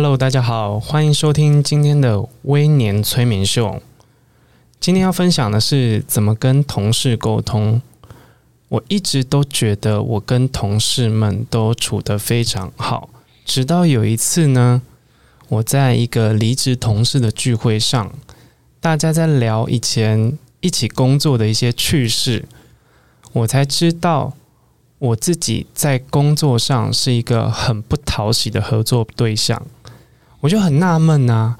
Hello，大家好，歡迎收聽今天的微年催眠秀。今天要分享的是怎麼跟同事溝通。我一直都覺得我跟同事們都處得非常好，直到有一次呢，我在一個離職同事的聚會上，大家在聊以前一起工作的一些趣事，我才知道我自己在工作上是一個很不討喜的合作對象。我就很納悶啊，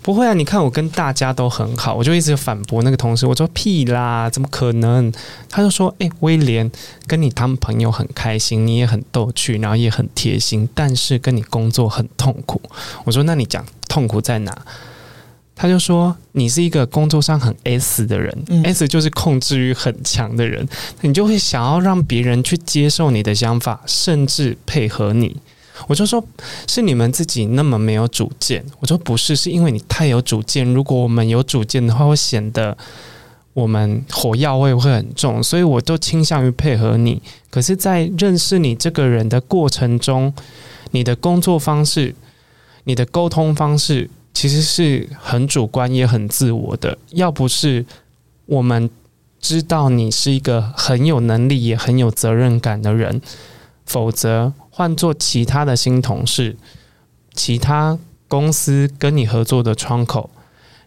不會啊！你看我跟大家都很好，我就一直反駁那個同事。我說屁啦，怎麼可能？他就說：“誒，威廉，跟你當朋友很開心，你也很逗趣，然後也很貼心，但是跟你工作很痛苦。”我說：“那你講痛苦在哪？”他就說：“你是一個工作上很 S 的人，嗯，S 就是控制欲很強的人，你就會想要讓別人去接受你的想法，甚至配合你。”我就說，是你們自己那麼沒有主見。我說不是，是因為你太有主見。如果我們有主見的話，會顯得我們火藥味會很重。所以，我都傾向於配合你。可是，在認識你這個人的過程中，你的工作方式、你的溝通方式，其實是很主觀也很自我的。要不是我們知道你是一個很有能力也很有責任感的人，否則。換做其他的新同事，其他公司跟你合作的窗口，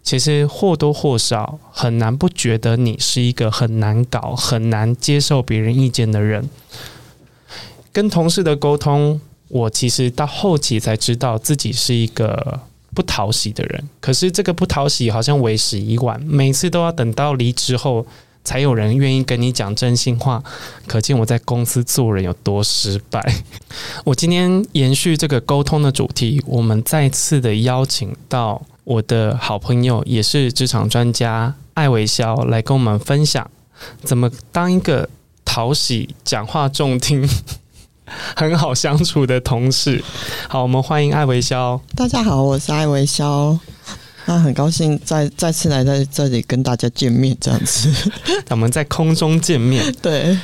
其實或多或少很難不覺得你是一個很難搞、很難接受別人意見的人。跟同事的溝通，我其實到後期才知道自己是一個不討喜的人。可是這個不討喜好像為時已晚，每次都要等到離職後。才有人願意跟你講真心話，可見我在公司做人有多失敗。我今天延續這個溝通的主題，我們再次的邀請到我的好朋友，也是職場專家艾薇蕭來跟我們分享，怎麼當一個討喜、講話中聽、很好相處的同事。好，我們歡迎艾薇蕭。大家好，我是艾薇蕭。那很高興再再次來在這裡跟大家見面，這樣子，我們在空中見面。 對，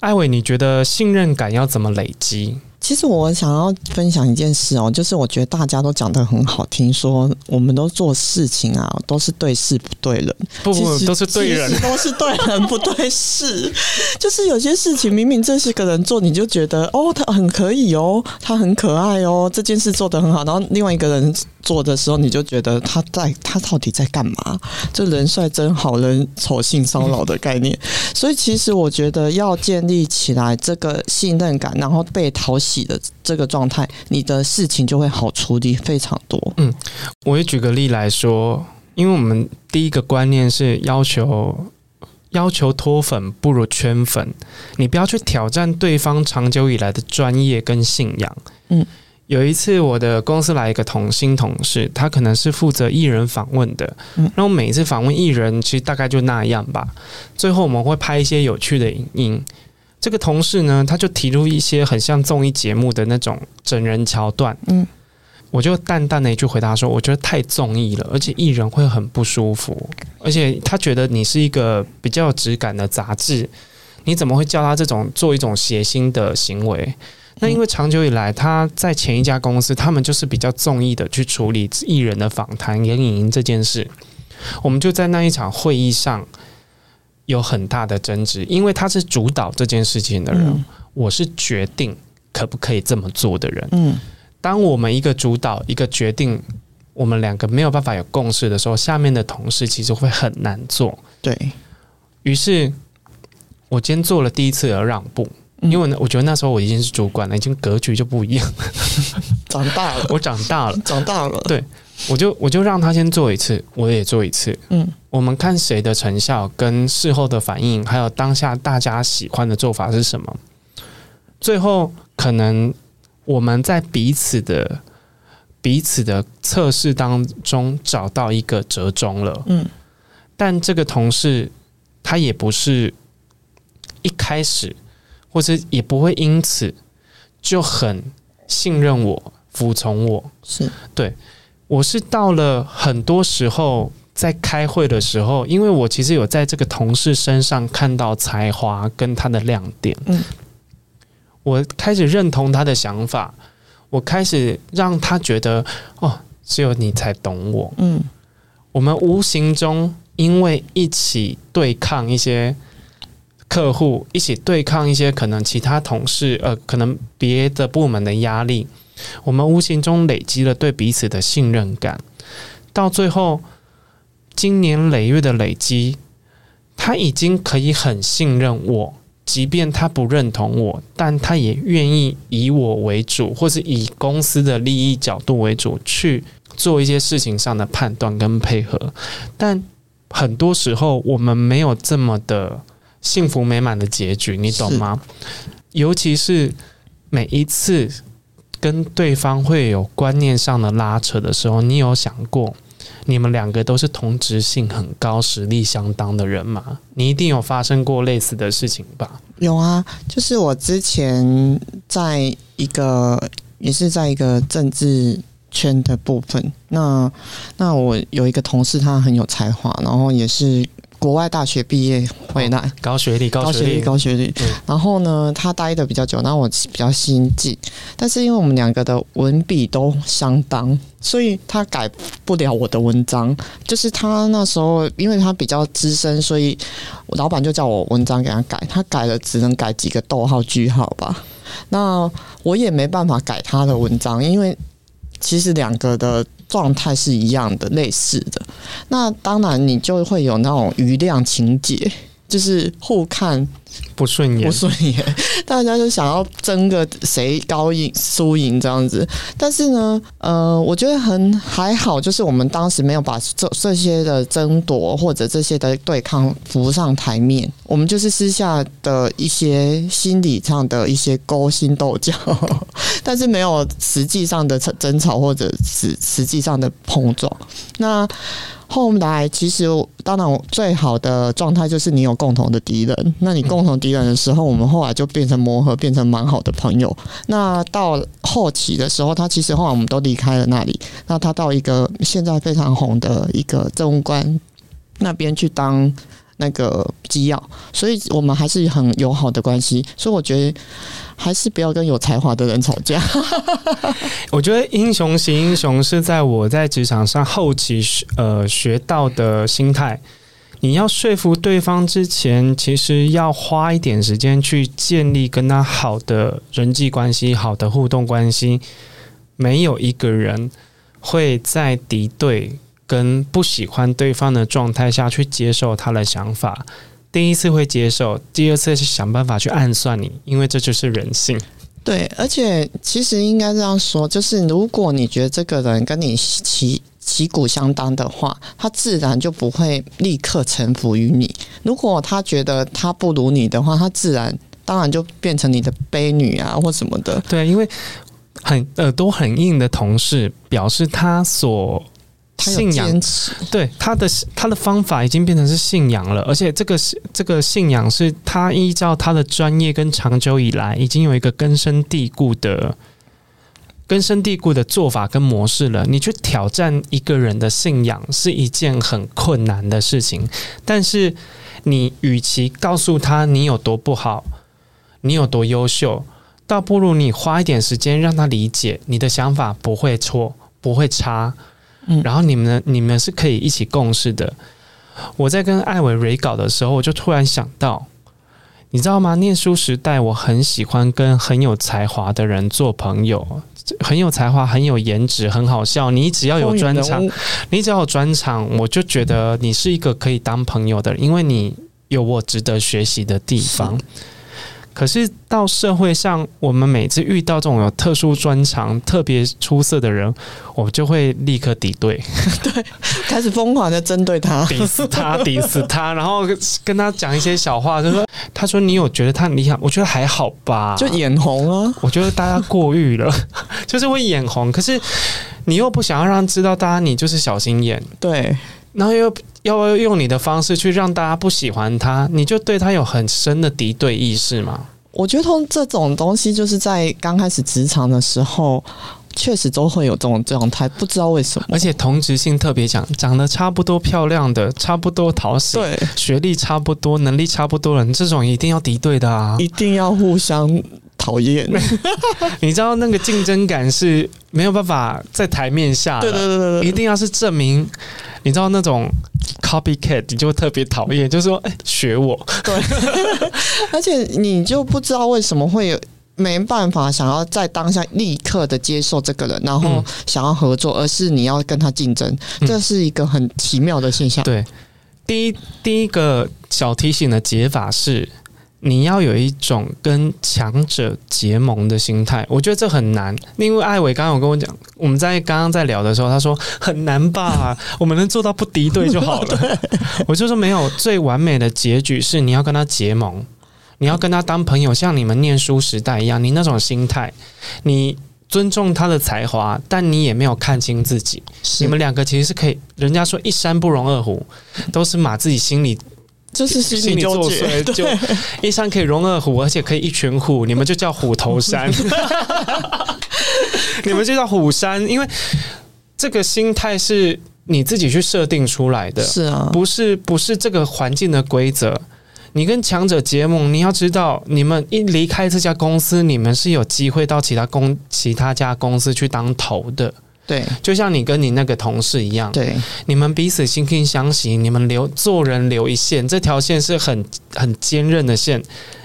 艾薇，你覺得信任感要怎麼累積？其實我想要分享一件事哦、喔，就是我覺得大家都講得很好聽，說我們都做事情啊，都是對事不對人，不不，不其實都是對人，都是對人不對事。 就是有些事情明明這是個人做，你就覺得哦，他很可以哦，他很可愛哦，這件事做得很好。然後另外一個人做的時候，你就覺得他在他到底在幹嘛？這人帥真好，人醜性騷擾的概念。 所以其實我覺得要建立起來這個信任感，然後被討喜，的這個狀態，你的事情就會好處理非常多。嗯，我也舉個例來說，因為我們第一個觀念是要求，要求脫粉不如圈粉，你不要去挑戰對方長久以來的專業跟信仰。嗯，有一次我的公司來一個同新同事，他可能是負責藝人訪問的。嗯，那我每一次訪問藝人，其實大概就那樣吧。最後我們會拍一些有趣的影音。這個同事呢，他就提出一些很像綜藝節目的那種整人橋段，嗯，我就淡淡的一句回答說：“我覺得太綜藝了，而且藝人會很不舒服，而且他覺得你是一個比較有質感的雜誌，你怎麼會叫他這種做一種諧星的行為？嗯、那因為長久以來他在前一家公司，他們就是比較綜藝的去處理藝人的訪談、演影這件事。我們就在那一場會議上，”有很大的爭執，因為他是主導這件事情的人，嗯、我是決定可不可以這麼做的人。嗯，當我們一個主導一個決定，我們兩個沒有辦法有共識的時候，下面的同事其實會很難做。對於是，我今天做了第一次的讓步，因為呢，我覺得那時候我已經是主管了，已經格局就不一樣了，長大了， 我長大了，長大了，對。我就我就讓他先做一次，我也做一次。嗯，我們看誰的成效跟事後的反應，還有當下大家喜歡的做法是什麼。最後，可能我們在彼此的彼此的測試當中找到一個折中了。嗯，但這個同事他也不是一開始，或者也不會因此就很信任我、服從我。是對。我是到了很多時候在開會的時候，因為我其實有在這個同事身上看到才華跟他的亮點，嗯，我開始認同他的想法，我開始讓他覺得哦，只有你才懂我，嗯，我們無形中因為一起對抗一些客戶，一起對抗一些可能其他同事，呃，可能別的部門的壓力。我們無形中累積了對彼此的信任感，到最後，經年累月的累積，他已經可以很信任我，即便他不認同我，但他也願意以我為主，或是以公司的利益角度為主去做一些事情上的判斷跟配合。但很多時候，我們沒有這麼的幸福美滿的結局，你懂嗎？是尤其是每一次。跟對方會有觀念上的拉扯的時候，你有想過，你們兩個都是同質性很高、實力相當的人嗎？你一定有發生過類似的事情吧？有啊，就是我之前在一個，也是在一個政治圈的部分，那那我有一個同事，他很有才華，然後也是，國外大學畢業回來，哦，高學歷，高學歷，高學歷。然後呢，他待的比較久，那我比較新進。但是因為我們兩個的文筆都相當，所以他改不了我的文章。就是他那時候，因為他比較資深，所以我老闆就叫我文章給他改。他改了，只能改幾個逗號、句號吧。那我也沒辦法改他的文章，因為其實兩個的。狀態是一樣的，類似的，那當然你就會有那種瑜亮情結。就是互看不順眼，不順眼，大家就想要爭個誰高贏輸贏這樣子。但是呢，呃，我覺得很還好，就是我們當時沒有把這這些的爭奪或者這些的對抗浮上台面，我們就是私下的一些心理上的一些勾心鬥角，但是沒有實際上的爭吵或者實實際上的碰撞。那。後來其實我，當然，最好的狀態就是你有共同的敵人。那你共同敵人的時候，我們後來就變成磨合，變成蠻好的朋友。那到後期的時候，他其實後來我們都離開了那裡。那他到一個現在非常紅的一個政務官那邊去當。那個機要，所以我們還是很友好的關係，所以我覺得還是不要跟有才華的人吵架。 我覺得英雄惜英雄是在我在職場上後期學、呃學到的心態，你要說服對方之前，其實要花一點時間去建立跟他好的人際關係，好的互動關係。沒有一個人會在敵對。跟不喜歡對方的狀態下去接受他的想法，第一次會接受，第二次是想辦法去暗算你，因為這就是人性。對，而且其實應該這樣說，就是如果你覺得這個人跟你旗旗鼓相當的話，他自然就不會立刻臣服於你。如果他覺得他不如你的話，他自然當然就變成你的婢女啊，或什麼的。對，因為很耳朵很硬的同事表示他所，信仰，對，他的他的方法已經變成是信仰了，而且這個是這個信仰是他依照他的專業跟長久以來已經有一個根深蒂固的根深蒂固的做法跟模式了。你去挑戰一個人的信仰是一件很困難的事情，但是你與其告訴他你有多不好，你有多優秀，倒不如你花一點時間讓他理解你的想法，不會錯，不會差，然後你們呢，你們是可以一起共事的。我在跟艾薇寫稿的時候，我就突然想到，你知道嗎？念書時代，我很喜歡跟很有才華的人做朋友，很有才華，很有顏值，很好笑。你只要有專場，你只要有專場，我就覺得你是一個可以當朋友的人，因為你有我值得學習的地方。可是到社會上，我們每次遇到這種有特殊專長、特別出色的人，我就會立刻敵對，對，開始瘋狂地針對他，敵死他，敵死他，然後跟他講一些小話，就是、說，他說你有覺得他很厲害，我覺得還好吧，就眼紅啊，我覺得大家過譽了，就是會眼紅，可是你又不想要讓他知道大家你就是小心眼，對，然後又。要不要用你的方式去讓大家不喜歡他？你就對他有很深的敵對意識嗎？我覺得這種東西就是在剛開始職場的時候，確實都會有這種狀態。不知道為什麼，而且同質性特別強，長得差不多、漂亮的，差不多討喜，對學歷差不多、能力差不多人，這種一定要敵對的啊，一定要互相討厭。 你知道那個競爭感是沒有辦法在台面下的，對，對對對對，一定要是證明。你知道那種 copycat，你就會特別討厭，就是說、欸、學我。 對，而且你就不知道為什麼會有沒辦法想要在當下立刻的接受這個人，然後想要合作，嗯、而是你要跟他競爭，這是一個很奇妙的現象。嗯、對，第一第一個小提醒的解法是。你要有一種跟強者結盟的心態，我覺得這很難。因為艾薇剛剛有跟我講，我們在剛剛在聊的時候，他說很難吧、啊，我們能做到不敵對就好了。 對 我就說沒有，最完美的結局是你要跟他結盟，你要跟他當朋友，像你們念書時代一樣，你那種心態，你尊重他的才華，但你也沒有看清自己。是你們兩個其實是可以，人家說一山不容二虎，都是馬自己心裡。就是心理作祟，就一山可以容二虎，而且可以一群虎，你們就叫虎頭山，哈哈哈，你們就叫虎山，因為這個心態是你自己去設定出來的，是啊，不是不是這個環境的規則。你跟強者結盟，你要知道，你們一離開這家公司，你們是有機會到其他公、其他家公司去當頭的。對，就像你跟你那個同事一樣，對，你們彼此惺惺相惜，你們留做人留一線，這條線是很很堅韌的線。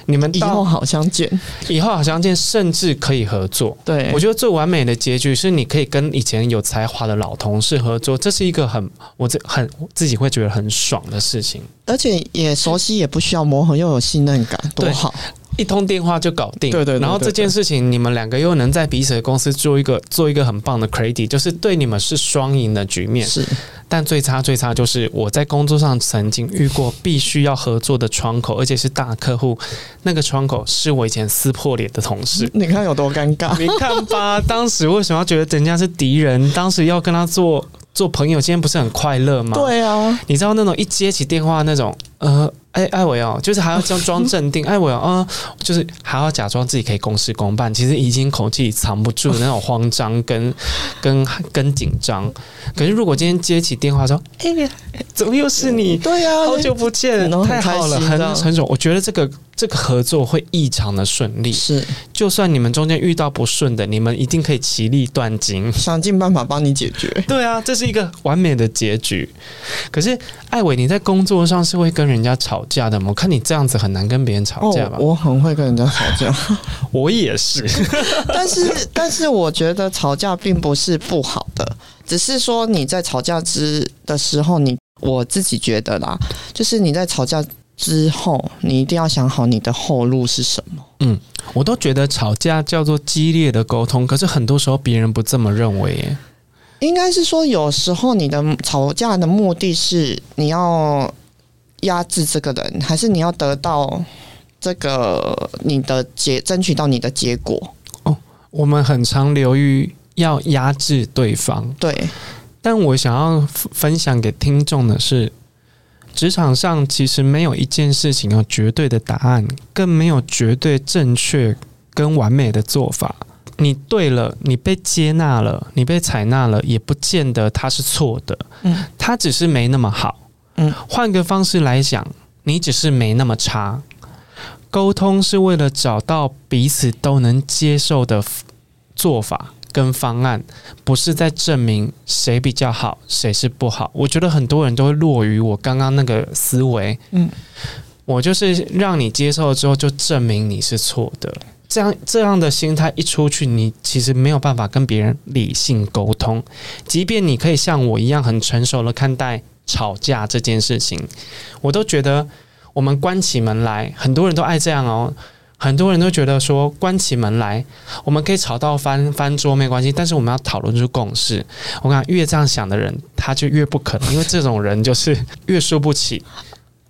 你們以後好相見，以後好相見，甚至可以合作。對，我覺得最完美的結局是你可以跟以前有才華的老同事合作，這是一個很我這很我自己會覺得很爽的事情，而且也熟悉，也不需要磨合，又有信任感，多好。對一通電話就搞定，對對，然後這件事情你們兩個又能在彼此的公司做一個做一個很棒的 c r a i t 就是對你們是雙贏的局面。是，但最差最差就是我在工作上曾經遇過必須要合作的窗口，而且是大客戶，那個窗口是我以前撕破臉的同事。你看有多尷尬？你看吧，當時為什麼要覺得人家是敵人？當時要跟他做做朋友，今天不是很快樂嗎？對啊，你知道那種一接起電話那種呃。哎，艾維哦，就是還要裝裝鎮定，艾維、 喔、啊，就是還要假裝自己可以公事公辦，其實已經口氣藏不住的那種慌張跟 跟跟緊張。可是如果今天接起電話說：“哎、欸欸，怎麼又是你？欸、對呀、啊，對、好久不見，欸、太好了，很很、很、很爽。”我覺得這個。這個合作會異常的順利，是就算你們中間遇到不順的，你們一定可以其利斷金，想盡辦法幫你解決。對啊，這是一個完美的結局。可是艾薇，你在工作上是會跟人家吵架的嗎？我看你這樣子很難跟別人吵架吧？哦？我很會跟人家吵架， 我也是。但是，但是我覺得吵架並不是不好的，只是說你在吵架之的時候，你我自己覺得啦，就是你在吵架，之後，你一定要想好你的後路是什麼。嗯，我都覺得吵架叫做激烈的溝通，可是很多時候別人不這麼認為耶。應該是說，有時候你的吵架的目的是你要壓制這個人，還是你要得到這個你的結，爭取到你的結果？哦，我們很常流於要壓制對方。對，但我想要分享給聽眾的是。職場上其實沒有一件事情有絕對的答案，更沒有絕對正確跟完美的做法。你對了，你被接納了，你被採納了，也不見得它是錯的。嗯、它只是沒那麼好。換個方式來講，你只是沒那麼差。溝通是為了找到彼此都能接受的做法。跟方案不是在證明誰比較好，誰是不好。我覺得很多人都會落於我剛剛那個思維，嗯，我就是讓你接受了之後就證明你是錯的。這樣這樣的心態一出去，你其實沒有辦法跟別人理性溝通。即便你可以像我一樣很成熟的看待吵架這件事情，我都覺得我們關起門來，很多人都愛這樣哦。很多人都覺得說，關起門來，我們可以吵到翻翻桌沒關係。但是我們要討論出共識。我講越這樣想的人，他就越不可能，因為這種人就是越輸不起。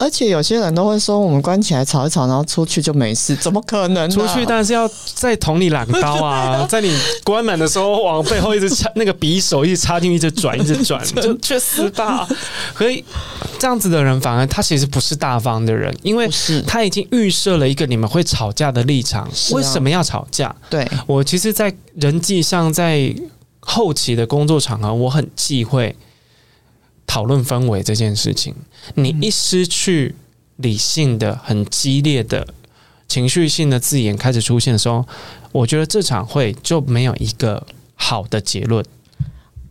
而且有些人都會說，我們關起來吵一吵，然後出去就沒事，怎麼可能、啊？出去但是要再捅你兩刀啊！ 在你關門的時候，往背後一直插 那個匕首，一直插進去，一直轉，一直轉，就確實大。所以 這樣子的人，反而他其實不是大方的人，因為他已經預設了一個你們會吵架的立場。是為什麼要吵架？啊、對我，其實，在人際上，在後期的工作場合，我很忌諱。討論氛圍這件事情，你一失去理性的、很激烈的情緒性的字眼開始出現的時候，我覺得這場會就沒有一個好的結論。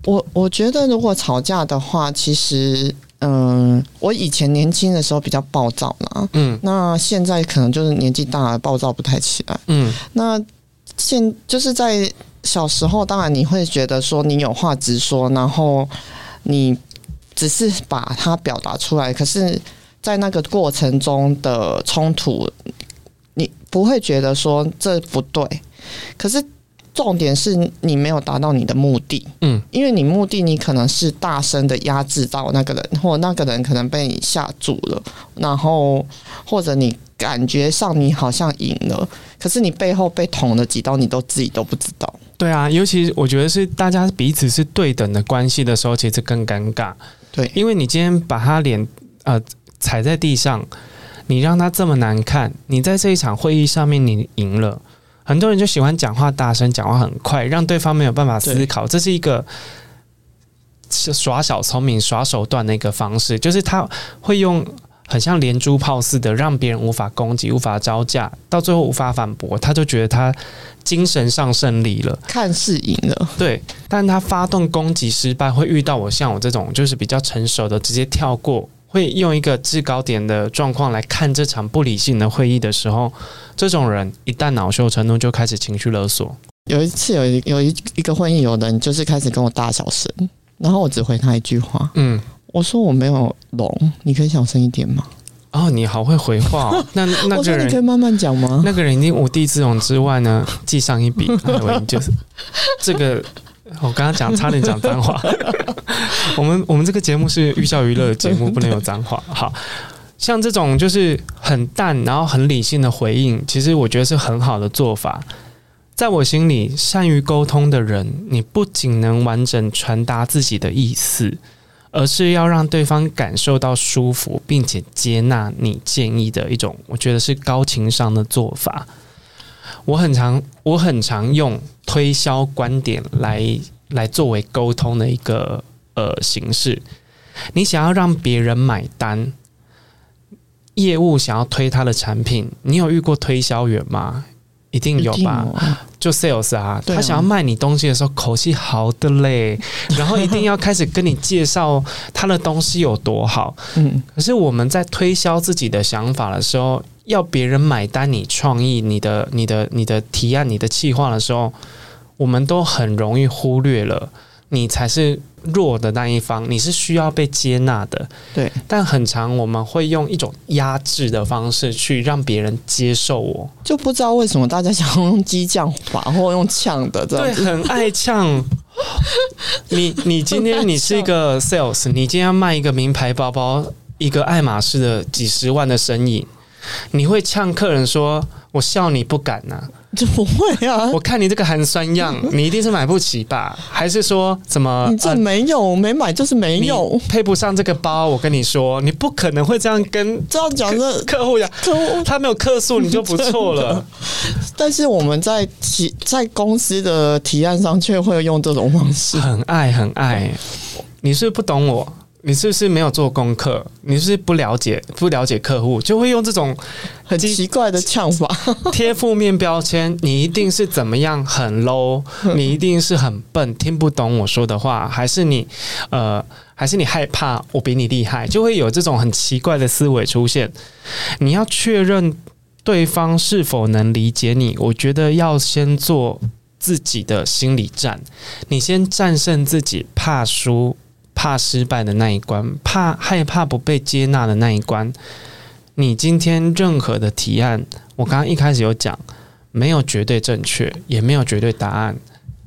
我我覺得，如果吵架的話，其實，嗯、呃，我以前年輕的時候比較暴躁嘛，嗯，那現在可能就是年紀大了，暴躁不太起來，嗯，那現就是在小時候，當然你會覺得說你有話直說，然後你，只是把它表達出來，可是，在那個過程中的衝突，你不會覺得說這不對，可是重點是你沒有達到你的目的，嗯，因為你目的你可能是大聲的壓制到那個人，或那個人可能被你嚇住了，然後或者你感覺上你好像贏了，可是你背後被捅了幾刀，你都自己都不知道。對啊，尤其我覺得是大家彼此是對等的關係的時候，其實更尷尬。對，因為你今天把他臉呃踩在地上，你讓他這麼難看，你在這一場會議上面你贏了，很多人就喜歡講話大聲，講話很快，讓對方沒有辦法思考，對 這是一個耍小聰明、耍手段的一個方式，就是他會用。很像連珠炮似的，讓別人無法攻擊、無法招架，到最後無法反駁，他就覺得他精神上勝利了，看似贏了。對，但他發動攻擊失敗，會遇到我像我這種就是比較成熟的，直接跳過，會用一個制高點的狀況來看這場不理性的會議的時候，這種人一旦惱羞成怒，就開始情緒勒索。有一次有，有有一一個會議，有人就是開始跟我大小聲，然後我只回他一句話：嗯。我說我沒有聾，你可以小聲一點嗎？哦，你好會回話。哦，那那個人你可以慢慢講嗎？那個人已經無地自容之外呢，記上一筆，我已經就是這個。我剛剛講差點講髒話， 我們我們這個節目是寓教於樂的節目，不能有髒話。好像這種就是很淡，然後很理性的回應，其實我覺得是很好的做法。在我心裡，善於溝通的人，你不僅能完整傳達自己的意思，而是要讓對方感受到舒服，並且接納你建議的一種，我覺得是高情商的做法。我很常，我很常用推銷觀點來來作為溝通的一個呃形式。你想要讓別人買單，業務想要推他的產品，你有遇過推銷員嗎？一定有吧，就 sales 啊，嗎他想要賣你東西的時候，口氣好得嘞，然後一定要開始跟你介紹他的東西有多好。 可是我們在推銷自己的想法的時候，要別人買單，你創意、你的、你的、你的提案、你的計劃的時候，我們都很容易忽略了，你才是。弱的那一方，你是需要被接納的，對。但很常，我們會用一種壓制的方式去讓別人接受我，就不知道為什麼大家想用激將法或用嗆的，對，很愛嗆。 你你今天你是一個 sales，你今天要賣一個名牌包包，一個愛馬仕的幾十萬的生意，你會嗆客人說：“我笑你不敢吶、啊。”就不會啊！我看你這個寒酸樣，你一定是買不起吧？ 還是說怎麼？你這沒有、嗯、沒買就是沒有，配不上這個包。我跟你說，你不可能會這樣跟這樣講的客戶呀，客戶，他沒有客訴你就不錯了。但是我們在提在公司的提案上卻會用這種方式，很愛很愛，你是不是不懂我？你是不是沒有做功課？你是不是，不了解，不了解客戶，就會用這種很，很奇怪的嗆法，貼 負面標籤。你一定是怎麼樣很 low，你一定是很笨，聽不懂我說的話，還是你呃，還是你害怕我比你厲害，就會有這種很奇怪的思維出現。你要確認對方是否能理解你，我覺得要先做自己的心理戰，你先戰勝自己怕輸怕失敗的那一關，怕害怕不被接納的那一關。你今天任何的提案，我剛剛一開始有講，沒有絕對正確，也沒有絕對答案。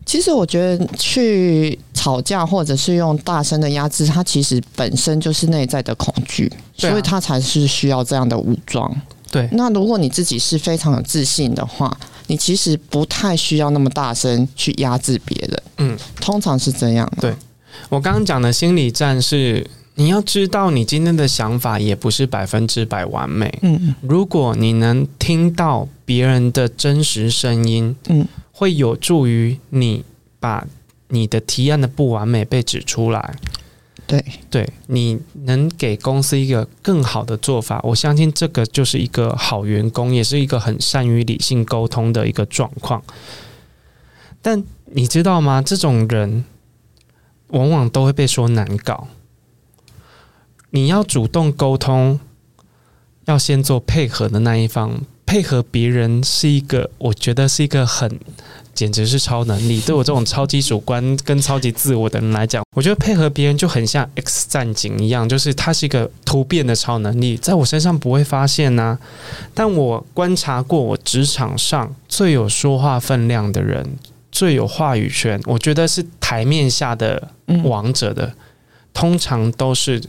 其實我覺得去吵架，或者是用大聲的壓制，它其實本身就是內在的恐懼，啊、所以它才是需要這樣的武裝。對，那如果你自己是非常有自信的話，你其實不太需要那麼大聲去壓制別人。嗯，通常是這樣，對。我剛剛講的心理戰是，你要知道你今天的想法也不是百分之百完美。嗯，如果你能聽到別人的真實聲音，嗯，會有助於你把你的提案的不完美被指出來。對對，你能給公司一個更好的做法，我相信這個就是一個好員工，也是一個很善於理性溝通的一個狀況。但你知道嗎？這種人。往往都會被說難搞，你要主動溝通，要先做配合的那一方。配合別人是一個，我覺得是一個很，簡直是超能力。對我這種超級主觀跟超級自我的人來講，我覺得配合別人就很像 X 戰警一樣，就是他是一個突變的超能力，在我身上不會發現吶、啊。但我觀察過，我職場上最有說話分量的人。最有話語權，我覺得是台面下的王者的，嗯，通常都是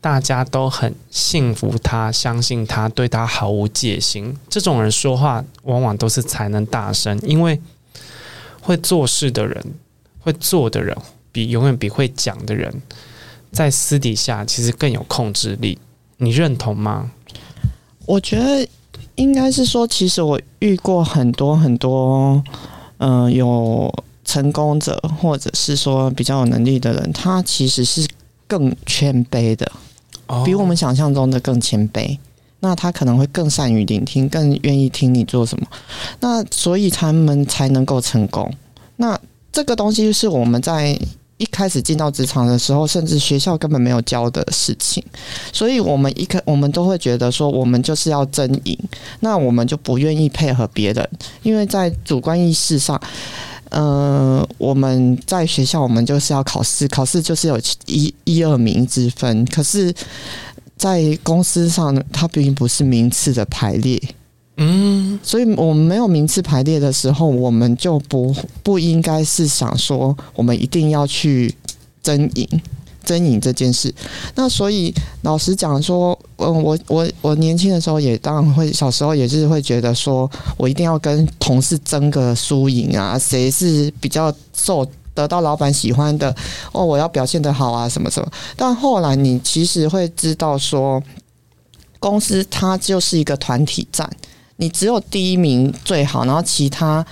大家都很信服他，相信他，對他毫無戒心。這種人說話往往都是才能大聲，因為會做事的人，會做的人，比永遠比會講的人，在私底下其實更有控制力。你認同嗎？我覺得應該是說，其實我遇過很多很多。嗯、呃，有成功者，或者是說比較有能力的人，他其實是更謙卑的，比我們想象中的更謙卑。那他可能會更善於聆聽，更願意聽你做什麼。那所以他們才能夠成功。那這個東西是我們在。一開始進到職場的時候，甚至學校根本沒有教的事情，所以我們一開我們都會覺得說，我們就是要爭贏，那我們就不願意配合別人，因為在主觀意識上，呃，我們在學校我們就是要考試，考試就是有一一二名之分，可是，在公司上，它並不是名次的排列。嗯，所以我們沒有名次排列的時候，我們就不不應該是想說我們一定要去爭贏爭贏這件事。那所以老實講說，嗯，我我我年輕的時候也當然會，小時候也是會覺得說我一定要跟同事爭個輸贏啊，誰是比較受得到老闆喜歡的哦，我要表現得好啊，什麼什麼。但後來你其實會知道說，公司它就是一個團體戰。你只有第一名最好，然後其他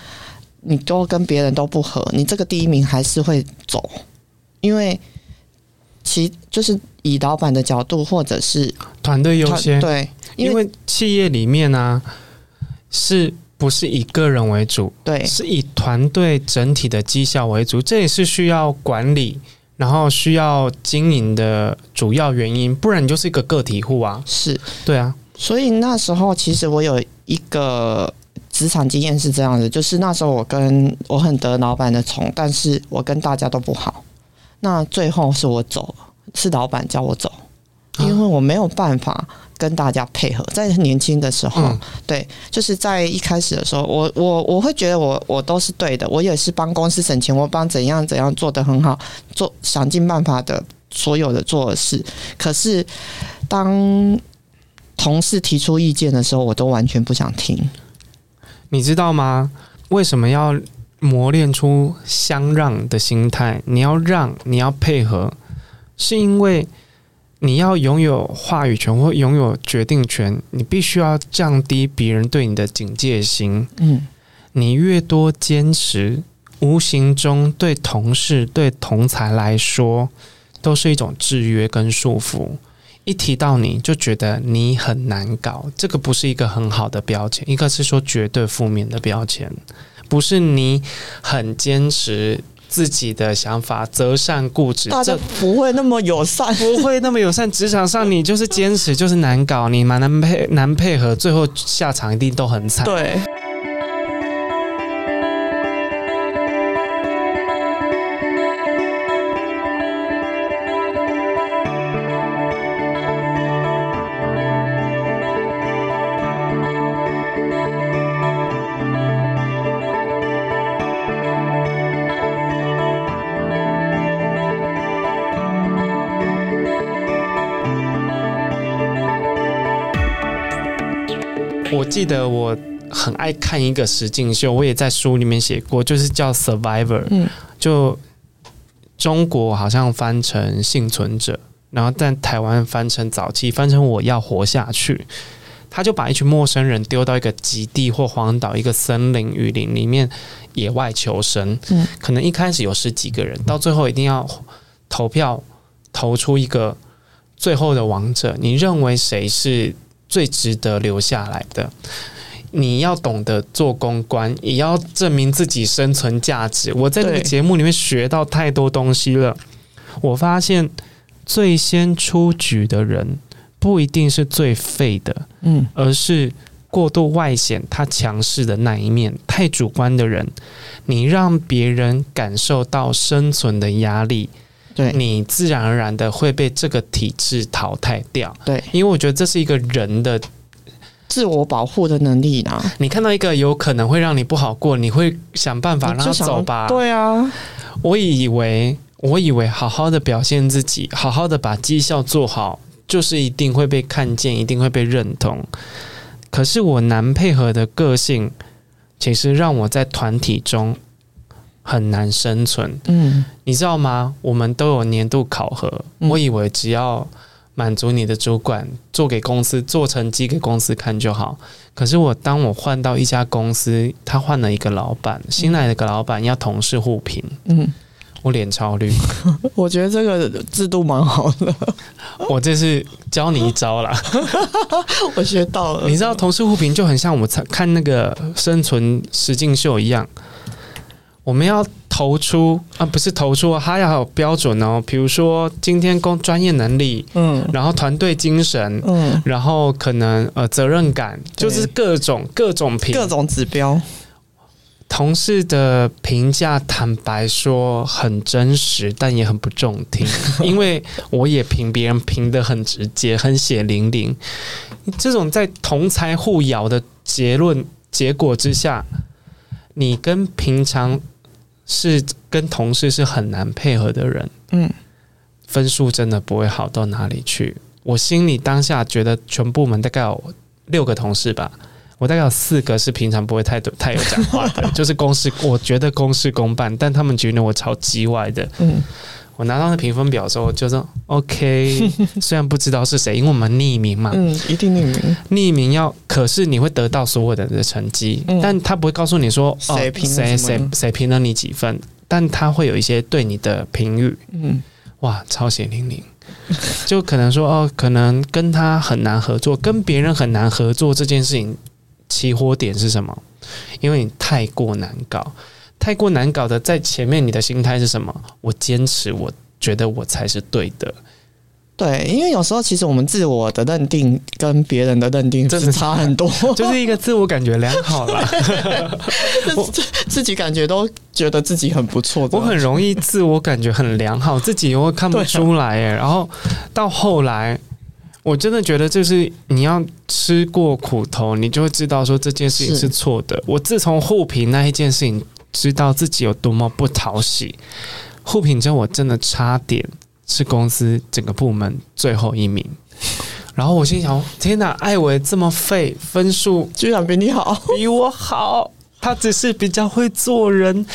你都跟別人都不合，你這個第一名還是會走，因為其就是以老闆的角度或者是團隊優先，對，因為，因為企業裡面啊是不是以個人為主？對，是以團隊整體的績效為主，這也是需要管理，然後需要經營的主要原因，不然你就是一個個體戶啊，是對啊。所以那時候，其實我有一個職場經驗是這樣子，就是那時候我跟我很得老闆的寵，但是我跟大家都不好。那最後是我走，是老闆叫我走，因為我沒有辦法跟大家配合。啊、在年輕的時候，嗯、對，就是在一開始的時候，我我我會覺得我我都是對的，我也是幫公司省錢，我幫怎樣怎樣做得很好，做想盡辦法的所有的做的事。可是當同事提出意見的時候，我都完全不想聽。你知道嗎？為什麼要磨練出相讓的心態？你要讓，你要配合，是因為你要擁有話語權或擁有決定權，你必須要降低別人對你的警戒心。嗯，你越多堅持，無形中對同事、對同儕來說，都是一種制約跟束縛。一提到你就覺得你很難搞，這個不是一個很好的標籤，一個是說絕對負面的標籤，不是你很堅持自己的想法，擇善固執，這，大家不會那麼友善，不會那麼友善。職場上你就是堅持，就是難搞，你蠻難配難配合，最後下場一定都很慘。對。記得我很愛看一個實境秀，我也在書裡面寫過，就是叫《Survivor》，就中國好像翻成《倖存者》，然後在台灣翻成早期，翻成我要活下去。他就把一群陌生人丟到一個極地或荒島、一個森林雨林裡面野外求生，可能一開始有十幾個人，到最後一定要投票，投出一個最後的王者。你認為誰是？最值得留下來的，你要懂得做公關，也要證明自己生存價值。我在這個節目裡面學到太多東西了。對我發現最先出局的人不一定是最廢的，嗯，而是過度外顯他強勢的那一面，太主觀的人，你讓別人感受到生存的壓力。對你自然而然的會被這個體制淘汰掉。對，因為我覺得這是一個人的自我保護的能力呢？你看到一個有可能會讓你不好過，你會想辦法讓他走吧。對啊，我以為，我以為好好的表現自己，好好的把績效做好，就是一定會被看見，一定會被認同。可是我難配合的個性，其實讓我在團體中。很難生存，嗯，你知道嗎？我們都有年度考核。嗯、我以為只要滿足你的主管、嗯、做給公司、做成績給公司看就好。可是我當我換到一家公司，他換了一個老闆，新來的個老闆要同事互評，嗯，我臉超綠。 我覺得這個制度蠻好的 我這是教你一招啦 我學到了。你知道同事互評就很像我們看那個生存實境秀一樣。我們要投出啊，不是投出，他要有標準哦。比如說，今天工專業能力，嗯，然後團隊精神，嗯，然後可能呃責任感，就是各種各種評各種指標。同事的評價，坦白說很真實，但也很不中聽， 因為我也評別人評得很直接，很血淋淋。這種在同儕互咬的結論結果之下，你跟平常。是跟同事是很難配合的人，嗯，分數真的不會好到哪裡去。我心裡當下覺得，全部門大概有六個同事吧，我大概有四個是平常不會太多太有講話的，就是公事，我覺得公事公辦，但他們覺得我超級外的，嗯。我拿到那評分表的時候我就說：“OK，雖然不知道是誰，因為我們匿名嘛。” 嗯，一定匿名。匿名要，可是你會得到所有人的成績，嗯、但他不會告訴你說誰誰誰評了你幾分，但他會有一些對你的評語。嗯，哇，超血淋淋，就可能說哦，可能跟他很難合作，跟別人很難合作這件事情起火點是什麼？因為你太過難搞。太過難搞的，在前面你的心態是什麼？我堅持，我覺得我才是對的。對，因為有時候其實我們自我的認定跟別人的認定是差很多，就是一個自我感覺良好了，自、 就是、自己感覺都覺得自己很不錯。我很容易自我感覺很良好，自己又看不出來、欸、然後到後來，我真的覺得就是你要吃過苦頭，你就會知道說這件事情是錯的。是我自從互評那一件事情，知道自己有多麼不討喜，互評就，我真的差點是公司整個部門最後一名。然後我心想：天哪、啊，艾維這麼廢，分數居然比你好，比我好。他只是比較會做人，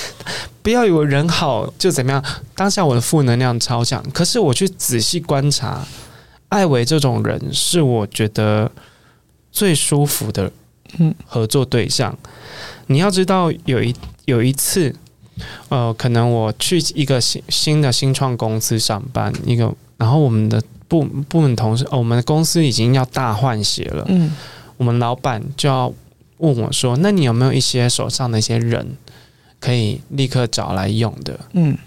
不要以為人好就怎麼樣。當下我的負能量超強，可是我去仔細觀察，艾維這種人是我覺得最舒服的嗯合作對象。你要知道有一。有一次，呃，可能我去一個新新的新創公司上班，一個，然後我們的部部門同事，哦，我們的公司已經要大換血了，嗯，我們老板就要問我說：“那你有沒有一些手上的一些人可以立刻找來用的？”嗯，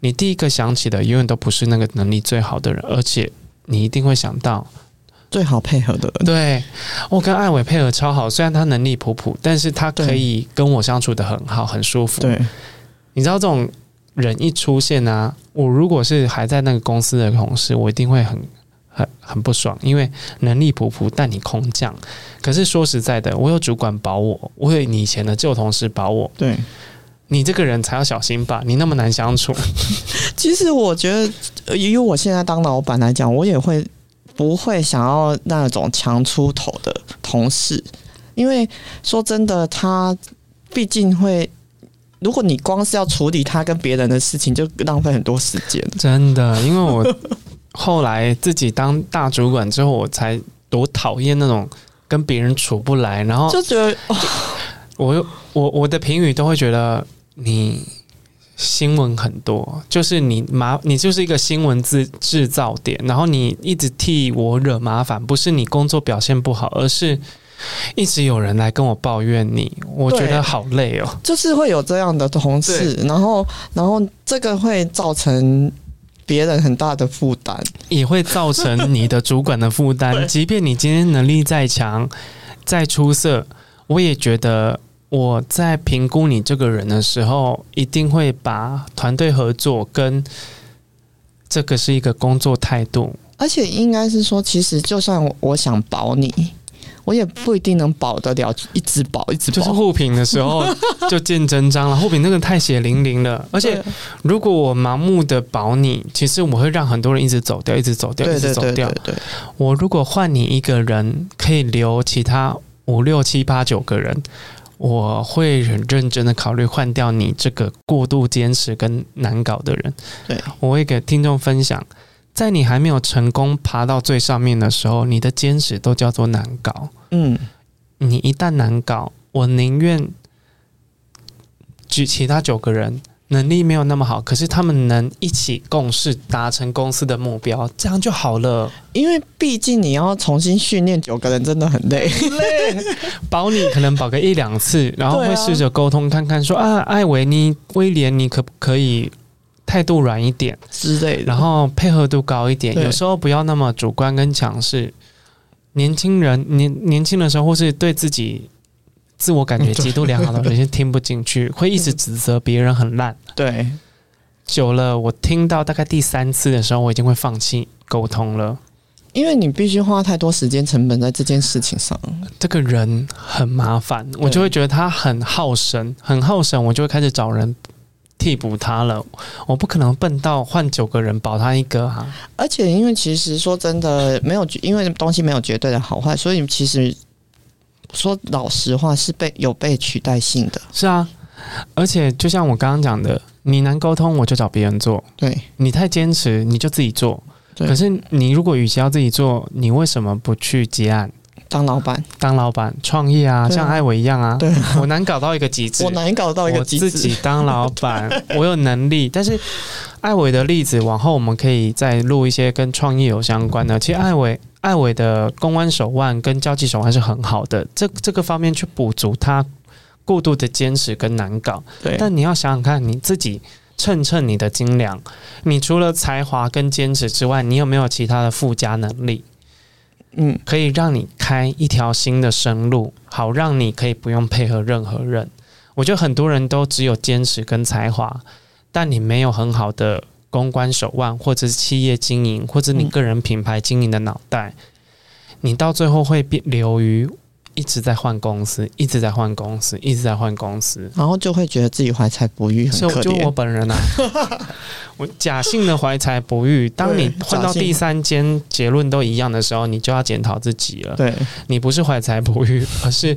你第一個想起的永遠都不是那個能力最好的人，而且你一定會想到。最好配合的對，對我跟艾薇配合超好，雖然他能力普普，但是他可以跟我相處得很好，很舒服。對，你知道這種人一出現啊，我如果是還在那個公司的同事，我一定會很很很不爽，因為能力普普，但你空降。可是說實在的，我有主管保我，我有以前的舊同事保我。對，你這個人才要小心吧，你那麼難相處。其實我覺得，因為我現在當老闆來講，我也會。不會想要那種強出頭的同事，因為說真的，他畢竟會，如果你光是要處理他跟別人的事情，就浪費很多時間。真的，因為我後來自己當大主管之後， 我才多討厭那種跟別人處不來，然後就覺得，哦，我我我的評語都會覺得你。新聞很多，就是你嘛，你就是一個新聞製製造點，然後你一直替我惹麻煩，不是你工作表現不好，而是一直有人來跟我抱怨你，我覺得好累哦。就是會有這樣的同事，對然後，然後這個會造成別人很大的負擔，也會造成你的主管的負擔。 對即便你今天能力再強、再出色，我也覺得。我在評估你這個人的時候，一定會把團隊合作跟這個是一個工作態度。而且應該是說，其實就算我想保你，我也不一定能保得了，一直保，一直保。就是互評的時候就見真章了。互 評真的太血淋淋了。而且如果我盲目的保你，其實我會讓很多人一直走掉，一直走掉，一直走掉。我如果換你一個人，可以留其他五六七八九個人。我會很認真的考慮換掉你這個過度堅持跟難搞的人。對，我會給聽眾分享，在你還沒有成功爬到最上面的時候，你的堅持都叫做難搞。嗯，你一旦難搞，我寧願舉其他九個人。能力沒有那麼好，可是他們能一起共事，達成公司的目標，這樣就好了。因為畢竟你要重新訓練九個人，真的很累， 保你可能保個一兩次，然後會試着溝通看看說，說啊,啊，艾薇你、威廉，你可不可以態度軟一點之類的？然後配合度高一點，對有時候不要那麼主觀跟強勢。年輕人，年年輕的時候或是對自己。自我感覺極度良好的人，是聽不進去，嗯、會一直指責別人很爛。對，久了，我聽到大概第三次的時候，我已經會放棄溝通了，因為你必須花太多時間成本在這件事情上。這個人很麻煩，對我就會覺得他很耗神，很耗神，我就會開始找人替補他了。我不可能笨到換九個人保他一個哈。而且，因為其實說真的，沒有因為東西沒有絕對的好壞，所以其實。說老實話，是被有被取代性的是啊，而且就像我剛剛講的，你難溝通，我就找別人做，對你太堅持，你就自己做。對可是你如果與其要自己做，你為什麼不去接案、當老闆、當老闆創業啊？啊像艾薇一樣啊，對啊對啊，我難搞到一個極致，我難搞到一個極致，我自己當老闆， 我有能力。但是艾薇的例子，往後我們可以再錄一些跟創業有相關的。其實艾薇。艾薇的公關手腕跟交際手腕是很好的，這這個方面去補足他過度的堅持跟難搞。對。但你要想想看，你自己稱稱你的斤兩，你除了才華跟堅持之外，你有沒有其他的附加能力？嗯，可以讓你開一條新的生路，好讓你可以不用配合任何人。我覺得很多人都只有堅持跟才華，但你沒有很好的。公關手腕，或者是企業經營，或者你個人品牌經營的腦袋，嗯、你到最後會變流於。一直在換公司，一直在換公司，一直在換公司，然後就會覺得自己懷才不遇，所以就，就我本人啊， 我假性的懷才不遇。當你換到第三間，結論都一樣的時候，你就要檢討自己了。對，你不是懷才不遇，而是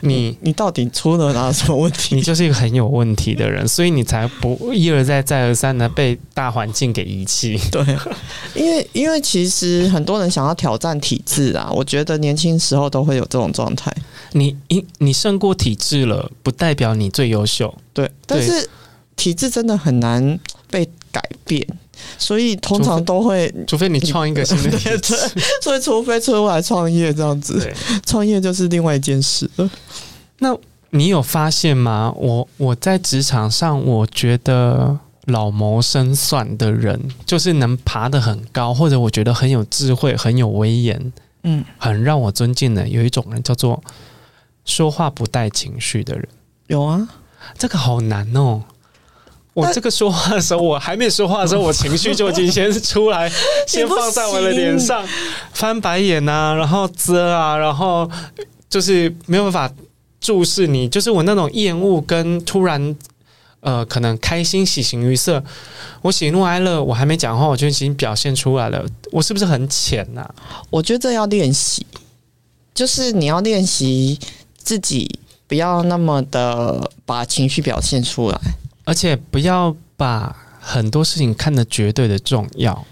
你、嗯、你到底出了哪有什麼問題？你就是一個很有問題的人，所以你才不一而再、再而三的被大環境給遺棄。對，因為因為其實很多人想要挑戰體制啊，我覺得年輕時候都會有這種狀。狀態，你你你勝過體制了，不代表你最優秀。對，對但是體制真的很難被改變，所以通常都會，除非，除非你創一個新的、呃，所以除非出來創業這樣子，創對業就是另外一件事。那你有發現嗎？我我在職場上，我覺得老謀深算的人，就是能爬得很高，或者我覺得很有智慧，很有威嚴。嗯，很讓我尊敬的有一種人叫做說話不帶情緒的人，有啊，這個好難哦。我這個說話的時候，我還沒說話的時候，我情緒就已經先出來，先放在我的臉上，翻白眼吶啊，然後遮啊，然後就是沒有辦法注視你，就是我那種厭惡跟突然。呃，可能開心喜形於色，我喜怒哀樂，我還沒講話，我就已經表現出來了，我是不是很淺吶、啊？我覺得要練習，就是你要練習自己，不要那麼的把情緒表現出來，而且不要把很多事情看得絕對的重要。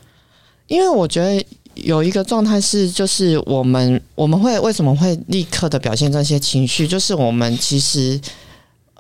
因為我覺得有一個狀態是，就是我們我們會為什麼會立刻的表現這些情緒，就是我們其實。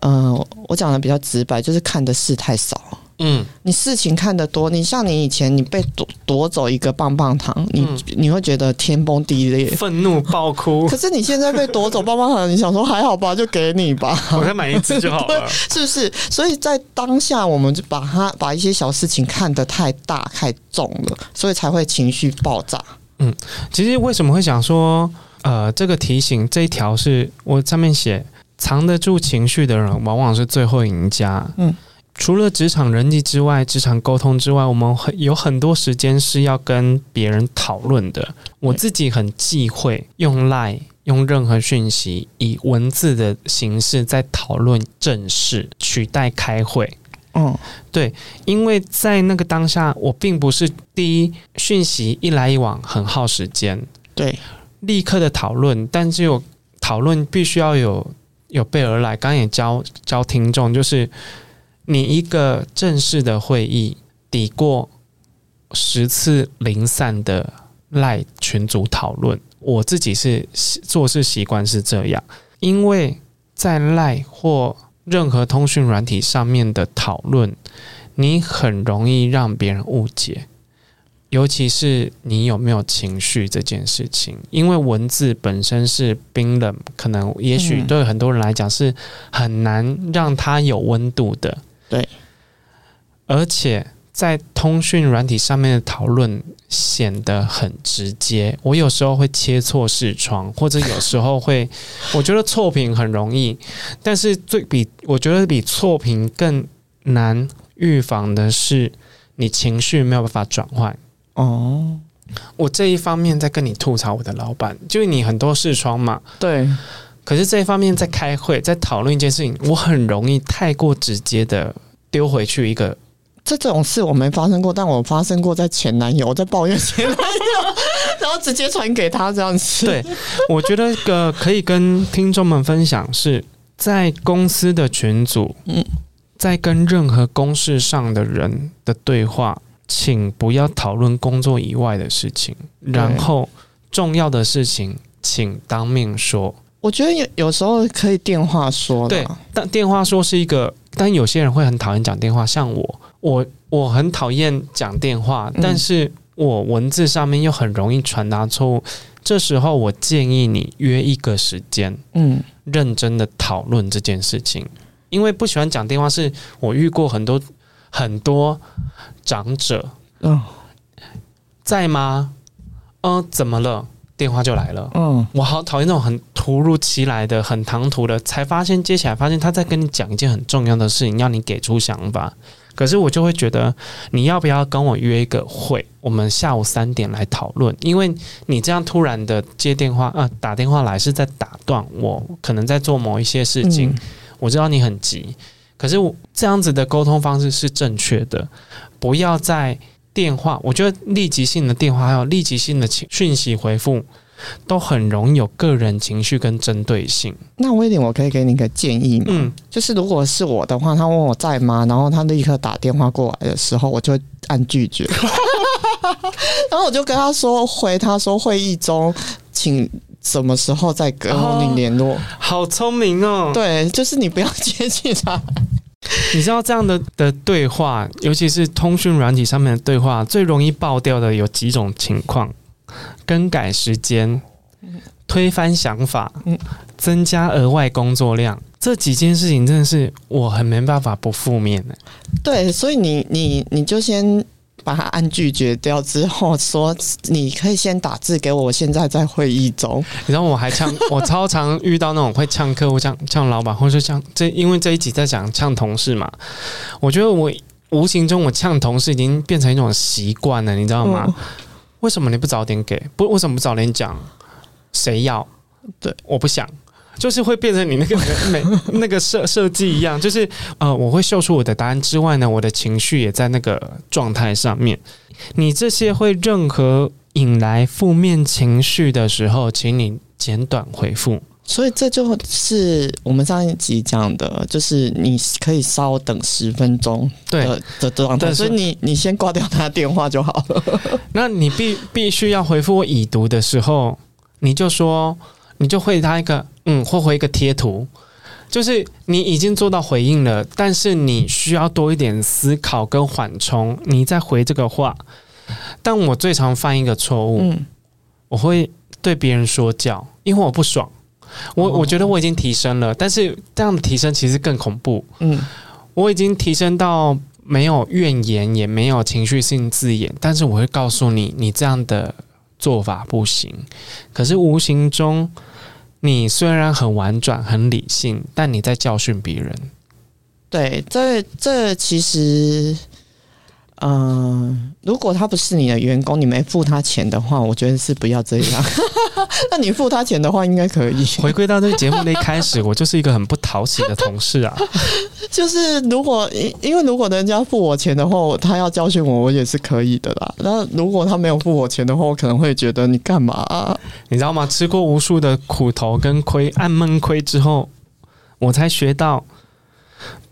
嗯、呃，我講的比較直白，就是看的事太少。嗯，你事情看得多，你像你以前，你被奪奪走一個棒棒糖，嗯、你你會覺得天崩地裂，憤怒爆哭。可是你現在被奪走棒棒糖， 你想說還好吧，就給你吧，我再買一次就好了 對，是不是？所以在當下，我們就把它把一些小事情看得太大太重了，所以才會情緒爆炸。嗯，其實為什麼會想說，呃，這個提醒這一條是我上面寫。藏得住情緒的人往往是最後贏家。嗯，除了職場人際之外，職場溝通之外，我們很有很多時間是要跟別人討論的。對我自己很忌諱用賴用任何訊息以文字的形式在討論正事，取代開會。嗯，對，因為在那個當下，我並不是第一訊息一來一往很耗時間。對，立刻的討論，但是有討論必須要有。有備而來，剛也教教聽眾，就是你一個正式的會議，抵過十次零散的 LINE 群組討論。我自己是習做事習慣是這樣，因為在 LINE 或任何通訊軟體上面的討論，你很容易讓別人誤解。尤其是你有沒有情緒這件事情，因為文字本身是冰冷，可能也許對很多人來講是很難讓它有溫度的。對，而且在通訊軟體上面的討論顯得很直接，我有時候會切錯視窗，或者有時候會， 我覺得錯屏很容易，但是最比我覺得比錯屏更難預防的是你情緒沒有辦法轉換。哦，oh, 我這一方面在跟你吐槽我的老闆，就是你很多視窗嘛，對。可是這一方面在開會，在討論一件事情，我很容易太過直接的丟回去一個。這種事我沒發生過，但我發生過在前男友，我在抱怨前男友， 然後直接傳給他這樣子。 對，我覺得個可以跟聽眾們分享是在公司的群組，嗯，在跟任何公事上的人的對話。請不要討論工作以外的事情。對然後重要的事情，請當面說。我覺得有有時候可以電話說的啊。對，但電話說是一個，但有些人會很討厭講電話，像我，我我很討厭講電話，但是我文字上面又很容易傳達錯誤。嗯，這時候我建議你約一個時間，嗯，認真的討論這件事情，因為不喜歡講電話，是我遇過很多。很多長者，嗯，oh. 在嗎？嗯、呃，怎麼了？電話就來了。嗯，oh. 我好討厭那種很突如其來的，很唐突的。才發現接起來，發現他在跟你講一件很重要的事情，要你給出想法。可是我就會覺得，你要不要跟我約一個會？我們下午三點來討論。因為你這樣突然的接電話啊，呃，打電話來是在打斷我，可能在做某一些事情。嗯，我知道你很急。可是，這樣子的溝通方式是正確的。不要在電話，我覺得立即性的電話還有立即性的訊息回復，都很容易有個人情緒跟針對性。那威廉，我可以給你一個建議嗎？嗯，就是如果是我的話，他問我在嗎，然後他立刻打電話過來的時候，我就按拒絕。 然後我就跟他說，回他說會議中，請。什麼時候再跟你聯絡？哦、好聰明哦！對，就是你不要接近他。你知道這樣的的對話，尤其是通訊軟體上面的對話，最容易爆掉的有幾種情況：更改時間、推翻想法、增加額外工作量。嗯、這幾件事情真的是我很沒辦法不負面的、欸。對，所以你你你就先。把他按拒絕掉之後，說你可以先打字給我，我現在在會議中。你知道我還嗆， 我超常遇到那種會嗆客戶、嗆嗆老板，或者說嗆這，因為這一集在講嗆同事嘛。我覺得我無形中我嗆同事已經變成一種習慣了，你知道嗎？嗯、為什麼你不早點給？不，為什麼不早點講？誰要？對，我不想。就是會變成你那個美，那個設設計一樣，就是呃，我會秀出我的答案之外呢，我的情緒也在那個狀態上面。你這些會任何引來負面情緒的時候，請你簡短回覆。所以這就是我們上一集講的，就是你可以稍等十分鐘對的狀態，對所以你你先掛掉他的電話就好了。 那你必必須要回覆我已讀的時候，你就說你就回他一個。嗯，或回一個貼圖，就是你已經做到回應了，但是你需要多一點思考跟緩衝，你再回這個話。但我最常犯一個錯誤，嗯，我會對別人說教，因為我不爽，我我覺得我已經提升了，但是這樣的提升其實更恐怖，嗯，我已經提升到沒有怨言，也沒有情緒性字眼，但是我會告訴你，你這樣的做法不行。可是無形中。你雖然很婉轉、很理性，但你在教訓別人。對，這這其實。嗯，如果他不是你的員工，你沒付他錢的話，我覺得是不要這樣。 那你付他錢的話，應該可以。回歸到這個節目的一開始， 我就是一個很不討喜的同事啊。就是如果因為如果人家付我錢的話，他要教訓我，我也是可以的啦。那如果他沒有付我錢的話，我可能會覺得你幹嘛啊？你知道嗎？吃過無數的苦頭跟虧，暗悶虧之後，我才學到，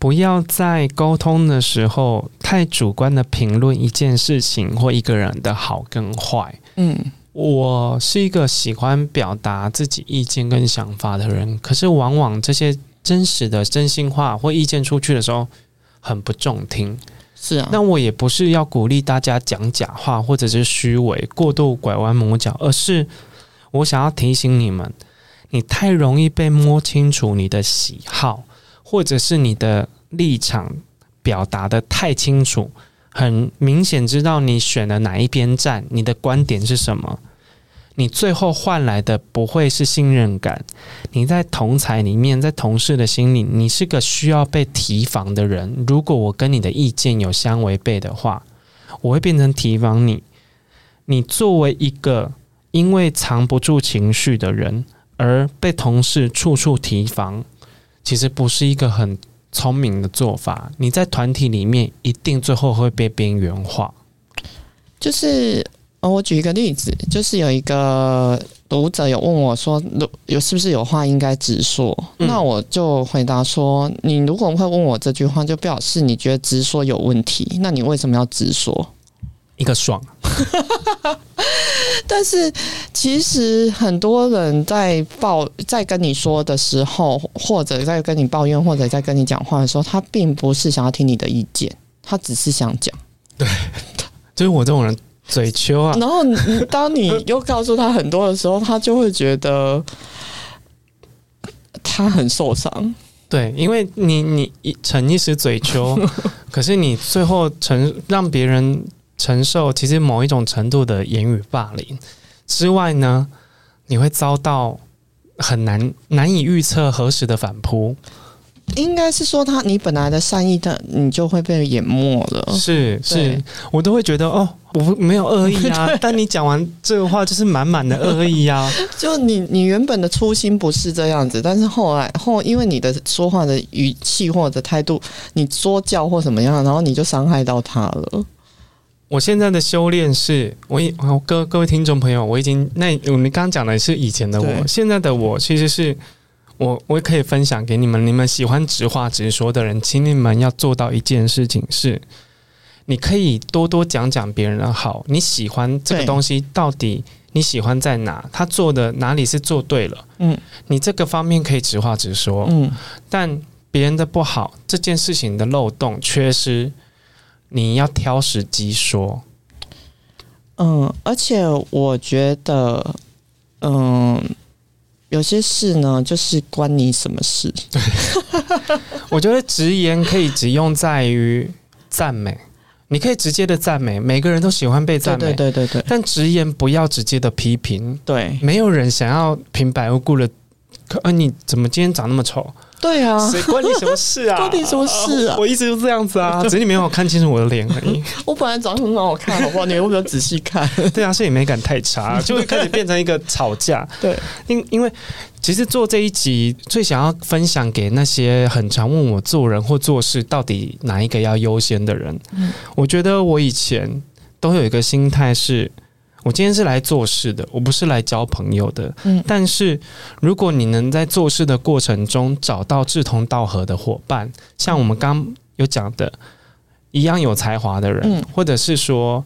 不要在溝通的時候太主觀的評論一件事情或一個人的好跟壞。嗯，我是一個喜歡表達自己意見跟想法的人，可是往往這些真實的真心話或意見出去的時候很不中聽。是啊，那我也不是要鼓勵大家講假話或者是虛偽、過度拐彎抹角，而是我想要提醒你們，你太容易被摸清楚你的喜好或者是你的。立場表達得太清楚，很明顯知道你選了哪一邊站，你的觀點是什麼，你最後換來的不會是信任感。你在同儕裡面，在同事的心裡，你是個需要被提防的人。如果我跟你的意見有相違背的話，我會變成提防你。你作為一個因為藏不住情緒的人，而被同事處處提防，其實不是一個很。聰明的做法，你在團體裡面一定最後會被邊緣化。就是，我舉一個例子，就是有一個讀者有問我說：“有是不是有話應該直說？”那我就回答說：“你如果會問我這句話，就表示你覺得直說有問題。”那你為什麼要直說？一個爽， 但是其實很多人在抱，在跟你說的時候，或者在跟你抱怨，或者在跟你講話的時候，他並不是想要聽你的意見，他只是想講。對，就是我這種人嘴秋啊。 然後，當你又告訴他很多的時候，他就會覺得他很受傷。對，因為你你逞一時嘴秋，可是你最後逞讓別人。承受其實某一種程度的言語霸凌之外呢，你會遭到很難難以預測、何時的反撲。應該是說，他你本來的善意的，你就會被淹沒了。是對是，我都會覺得哦，我沒有惡意啊。對但你講完這個話，就是滿滿的惡意呀、啊。 就你你原本的初心不是這樣子，但是後來後來因為你的說話的語氣或者態度，你說教或怎麼樣，然後你就傷害到他了。我現在的修煉是我已，各、哦、各位聽眾朋友，我已經那我們剛剛講的是以前的我，對現在的我其實是我我可以分享給你們，你們喜歡直話直說的人，請你們要做到一件事情是，你可以多多講講別人的好，你喜歡這個東西到底你喜歡在哪？他對做的哪裡是做對了？嗯，你這個方面可以直話直說，嗯，但別人的不好，這件事情的漏洞缺失。你要挑時機說，嗯，而且我覺得，嗯，有些事呢，就是關你什麼事？ 對，我覺得直言，可以只用在於讚美， 你可以直接的讚美，每個人都喜歡被讚美，對對，對對對。但直言不要直接的批評，對，沒有人想要平白無故的，可，呃，你怎麼今天長那麼醜？對啊，誰關你什麼事啊？ 關你什麼事啊？啊，我，我一直都這樣子啊， 只是你沒有看清楚我的臉而已。 我本來長得很好看，好不好？你有沒有仔細看？ 對啊，所以你美感太差，就會開始變成一個吵架。 對，因因為其實做這一集最想要分享給那些很常問我做人或做事到底哪一個要優先的人。 我覺得我以前都有一個心態是。我今天是來做事的，我不是來交朋友的。嗯，但是如果你能在做事的過程中找到志同道合的伙伴，像我們剛有講的，一樣有才華的人，嗯、或者是說，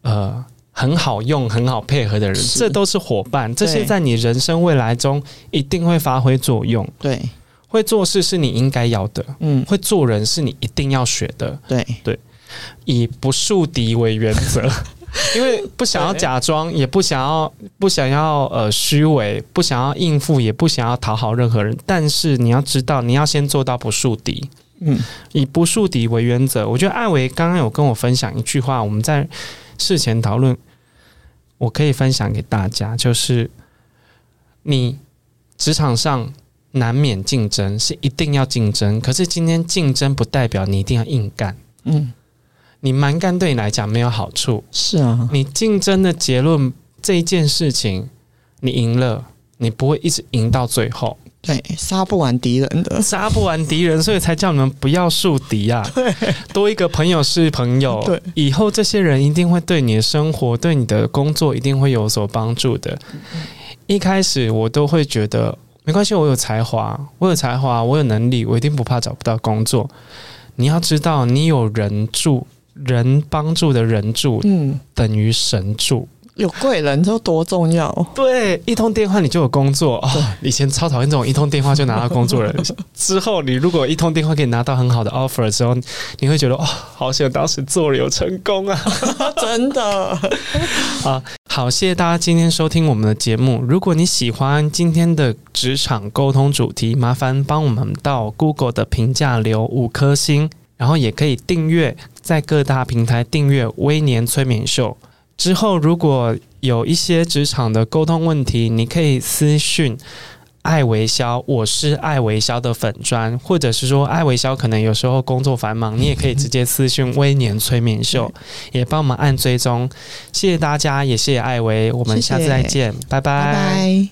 呃，很好用、很好配合的人，是這都是伙伴。這些在你人生未來中一定會發揮作用。對，會做事是你應該要的。嗯，會做人是你一定要學的。對對，以不樹敵為原則。 因為不想要假裝，對也不想要不想要呃虛偽，不想要應付，也不想要討好任何人。但是你要知道，你要先做到不樹敵。嗯，以不樹敵為原則，我覺得艾薇剛剛有跟我分享一句話，我們在事前討論，我可以分享給大家，就是你職場上難免競爭，是一定要競爭，可是今天競爭不代表你一定要硬幹。嗯。你蠻幹對你來講沒有好處，是啊。你競爭的結論這一件事情，你贏了，你不會一直贏到最後，對，殺不完敵人的，殺不完敵人，所以才叫你們不要樹敵啊。多一個朋友是朋友，對，以後這些人一定會對你的生活、對你的工作一定會有所幫助的。一開始我都會覺得沒關係，我有才華，我有才華，我有能力，我一定不怕找不到工作。你要知道，你有人助。人幫助的人助，嗯，等於神助，有貴人就多重要。對，一通電話你就有工作啊對、哦！以前超討厭這種一通電話就拿到工作人， 之後你如果一通電話可以拿到很好的 offer 之後你，你會覺得哦，好想當時做了有成功啊！ 真的啊，好，謝謝大家今天收聽我們的節目。如果你喜歡今天的職場溝通主題，麻煩幫我們到 Google 的評價留五顆星。然後也可以訂閱，在各大平台訂閱《威廉催眠秀》。之後，如果有一些職場的溝通問題，你可以私訊艾薇蕭，我是艾薇蕭的粉專，或者是說艾薇蕭可能有時候工作繁忙，你也可以直接私訊《威廉催眠秀》嗯，哼，也幫我們按追蹤。謝謝大家，也謝謝艾薇，我們下次再見，謝謝拜拜。拜拜。